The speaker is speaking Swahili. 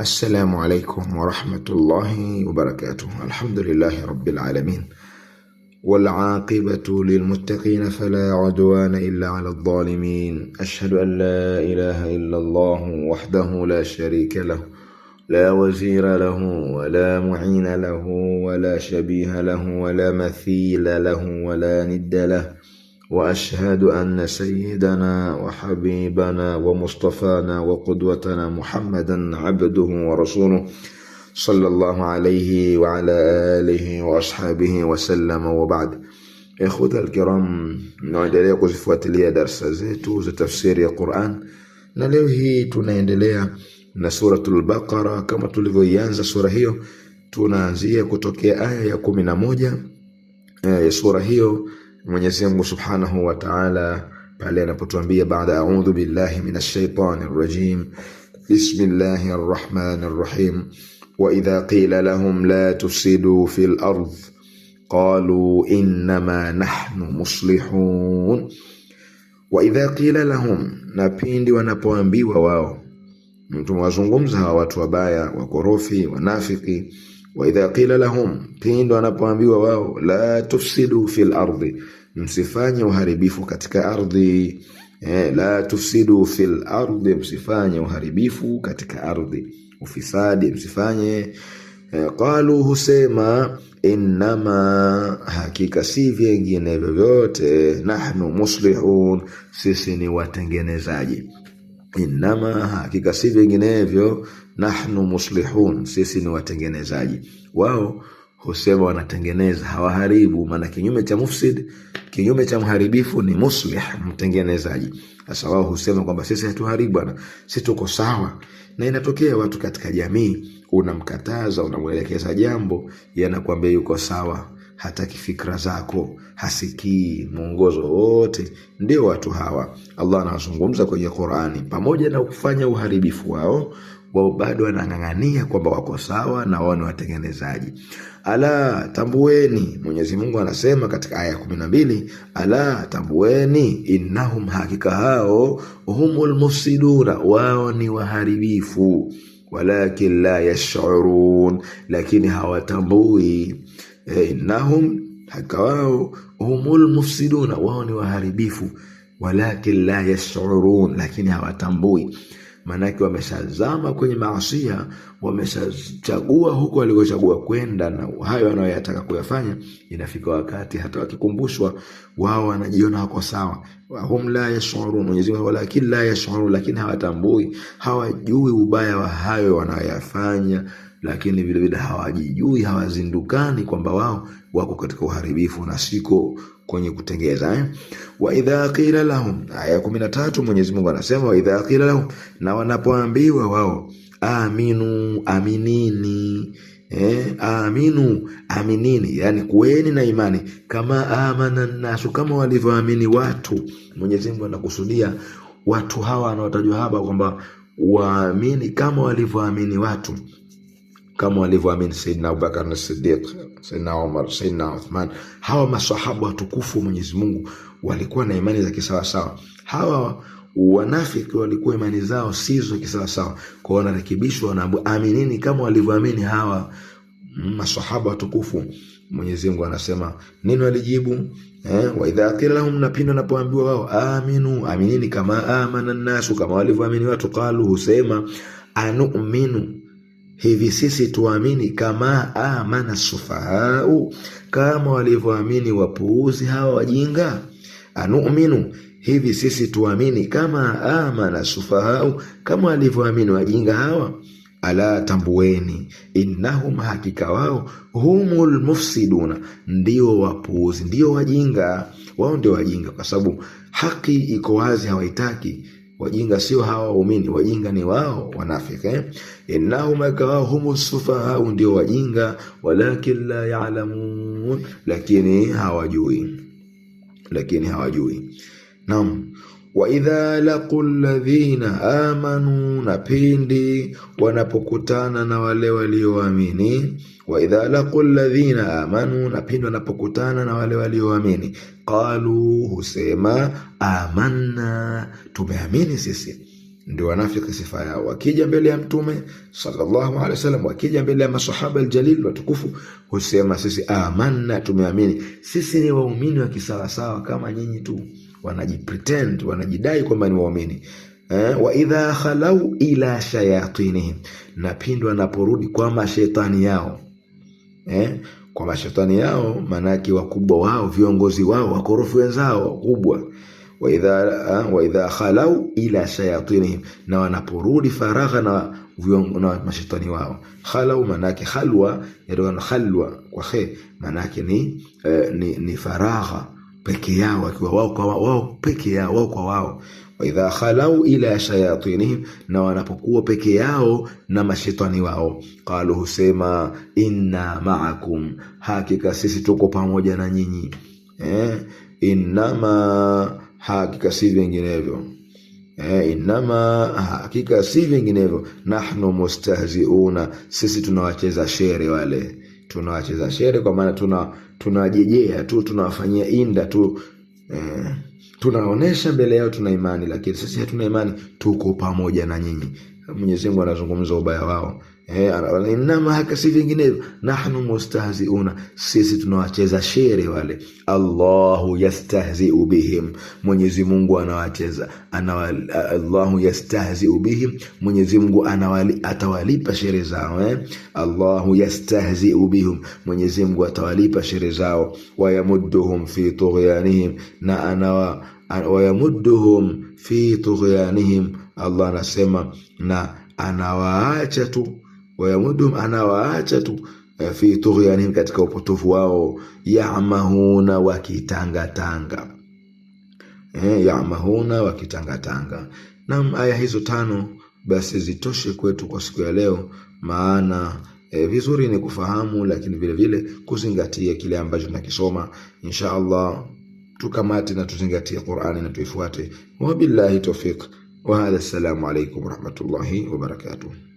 السلام عليكم ورحمة الله وبركاته الحمد لله رب العالمين والعاقبة للمتقين فلا عدوان إلا على الظالمين أشهد أن لا إله إلا الله وحده لا شريك له لا وزير له ولا معين له ولا شبيه له ولا مثيل له ولا ند له واشهد ان سيدنا وحبيبنا ومصطفانا وقدوتنا محمدا عبده ورسوله صلى الله عليه وعلى اله واصحابه وسلم وبعد اخوتي الكرام إليكم نعدليه كوزفواتليه درس زيتو تفسير القران نليو هي تنعدليه نسوره البقره كما تلفيانزا سوره هي تنعزيه كتوكي ايه يا كومينا موجه يا آية سوره هيو Mwenyezi Mungu Subhanahu wa Ta'ala pale anapotuambia baada a'udhu billahi minash shaitani rrajim bismillahir rahmanir rahim wa idha qila lahum la tufsidu fil ardh qalu innama nahnu muslihun wa idha qila lahum, na pindi wanapoambiwa wao, mtumewazungumza hawa watu wabaya, wakorofi, wanafiki wa idha qila lahum, pindo anapoambiwa wao, la tufsidu fil ardi, msifanye uharibifu katika ardhi eh, la tufsidu fil ardi, msifanye uharibifu katika ardhi, ufisadi msifanye eh, qalu, husema innama, hakika si vyengine vyovyote, nahnu muslihun, sisi ni watengenezaji, innama, hakika si vinginevyo nahnu muslihun, sisi ni watengenezaji. Wao husema wanatengeneza, hawaharibu. Maana kinyume cha mufsid, kinyume cha mharibifu ni muslih, mtengenezaji. Sasa wao husema kwamba sisi hatuharibu bwana, si tuko sawa. Na inatokea watu katika jamii, unamkataza unamwelekeza jambo, yanakwambia yuko sawa hata kifikra zako, hasikii mwongozo wote. Ndio watu hawa Allah anawazungumza kwenye Qur'ani, pamoja na kufanya uharibifu wao wao bado wanang'ang'ania kwamba wako sawa na wao ni watengenezaji. Ala, tambueni, Mwenyezi Mungu anasema katika aya ya kumi na mbili, ala tambueni, innahum, hakika hao, humul mufsiduna, wao ni waharibifu, walakin la yash'urun, lakini hawatambui. E, innahum, hakika wao, humul mufsiduna, wao ni waharibifu, walakin la yash'urun, lakini hawatambui maanake wameshazama kwenye maasia, wameshachagua huko walikochagua kwenda na hayo wanayoyataka kuyafanya. Inafika wakati hata wakikumbushwa wao wanajiona wako sawa, hum la yashurun, Mwenyezi la yashurun, lakini hawatambui, hawajui ubaya wa hayo wanayoyafanya lakini vilevile hawajijui, hawazindukani kwamba wao wako katika uharibifu na siko kwenye kutengeza eh? wa idha qila lahum, aya 13 Mwenyezi Mungu anasema wa idha qila lahum, na wanapoambiwa wao aminu, aminini Eh, aminu aminini, yani kueni na imani kama amana nasu, kama walivyoamini watu. Mwenyezi Mungu anakusudia watu hawa anawatajwa hapa kwamba waamini kama walivyoamini watu kama walivyoamini Saidna Abubakar na Sidiq, Saidna Omar, Saidna Uthman. Hawa masahaba watukufu wa Mwenyezi Mungu walikuwa na imani za kisawasawa. Hawa wanafiki walikuwa imani zao sizo kisawasawa, kwao wanarekebishwa, wanaaminini kama walivyoamini hawa masahaba watukufu. Mwenyezi Mungu anasema nini walijibu? Eh, wa idha qila lahum, na pindi wanapoambiwa wao aminu, aminini kama amana nnasu, kama walivyoamini watu, qalu husema anuminu Hivi sisi tuamini kama amana sufahau, kama walivyoamini wapuuzi hawa wajinga? Anu'minu, hivi sisi tuamini kama amana sufahau, kama walivyoamini wajinga hawa? Ala, tambueni, innahum, hakika wao, humu lmufsiduna ndio wapuuzi, ndio wajinga. Wao ndio wajinga, kwa sababu haki iko wazi, hawaitaki Wajinga sio hawa waumini, wajinga ni wao wanafiki eh? innahum akawahum sufahau, ndio wajinga, walakin la ya'lamun, lakini hawajui, lakini hawajui. Naam wa idha laqu alladhina amanu, na pindi wanapokutana na wale walioamini. Wa idha laqu alladhina amanu, na pindi wanapokutana na wale walioamini. Qalu, husema amanna, tumeamini sisi. Ndio wanafiki sifa yao, wakija mbele ya Mtume sallallahu alaihi wasallam, wakija mbele ya masahaba aljalil watukufu, husema sisi amanna, tumeamini. Sisi ni waumini wa kisawasawa kama nyinyi tu wanajipretend, wanajidai kwamba ni waumini eh, wa idha khalau ila shayatinihim, na pindi wanaporudi kwa mashetani yao eh, kwa mashetani yao, maanake wakubwa wao, viongozi wao, wakorofi wenzao wakubwa wa idha eh, wa khalau ila shayatinihim, na wanaporudi faragha na na mashetani wao. Khalau maanake khalwa, yatokana khalwa kwa khe, maanake ni, eh, ni, ni faragha peke yao akiwa wao kwa wao, peke yao wao kwa wao waidha khalau ila shayatinihim, na wanapokuwa peke yao na mashetani wao, qalu husema inna maakum, hakika sisi tuko pamoja na nyinyi eh, innama, hakika si vinginevyo eh, innama, hakika si vinginevyo nahnu mustahziuna, sisi tunawacheza shere wale, tunawacheza shere kwa maana tuna tunawajejea tu tunawafanyia inda tu eh, tunaonesha mbele yao tuna imani, lakini sisi hatuna imani, tuko pamoja na nyinyi. Mwenyezi Mungu anazungumza ubaya wao. Eh, inama haka si vinginevyo, nahnu mustahziuna, sisi tunawacheza shere wale. Allahu yastahziu bihim, Mwenyezi Mungu anawacheza Allahu yastahziu bihim, Mwenyezi Mungu atawalipa shere zao eh? Allahu yastahziu bihim, Mwenyezi Mungu atawalipa shere zao. Wayamudduhum fi tughyanihim, na anawa wayamudduhum fi tughyanihim, Allah anasema na anawaacha tu wayamudum anawaacha tu eh, fi tughyanihim, katika upotofu wao. Yamahuna wakitangatanga, eh, yamahuna wakitangatanga. Nam, aya hizo tano basi zitoshe kwetu kwa siku ya leo, maana E, vizuri ni kufahamu lakini vile vile kuzingatia kile ambacho tunakisoma. Insha Allah tukamate na tuzingatie Qur'ani na tuifuate. Wabillahi tawfiq wa hadha, assalamu alaykum wa rahmatullahi wa barakatuh.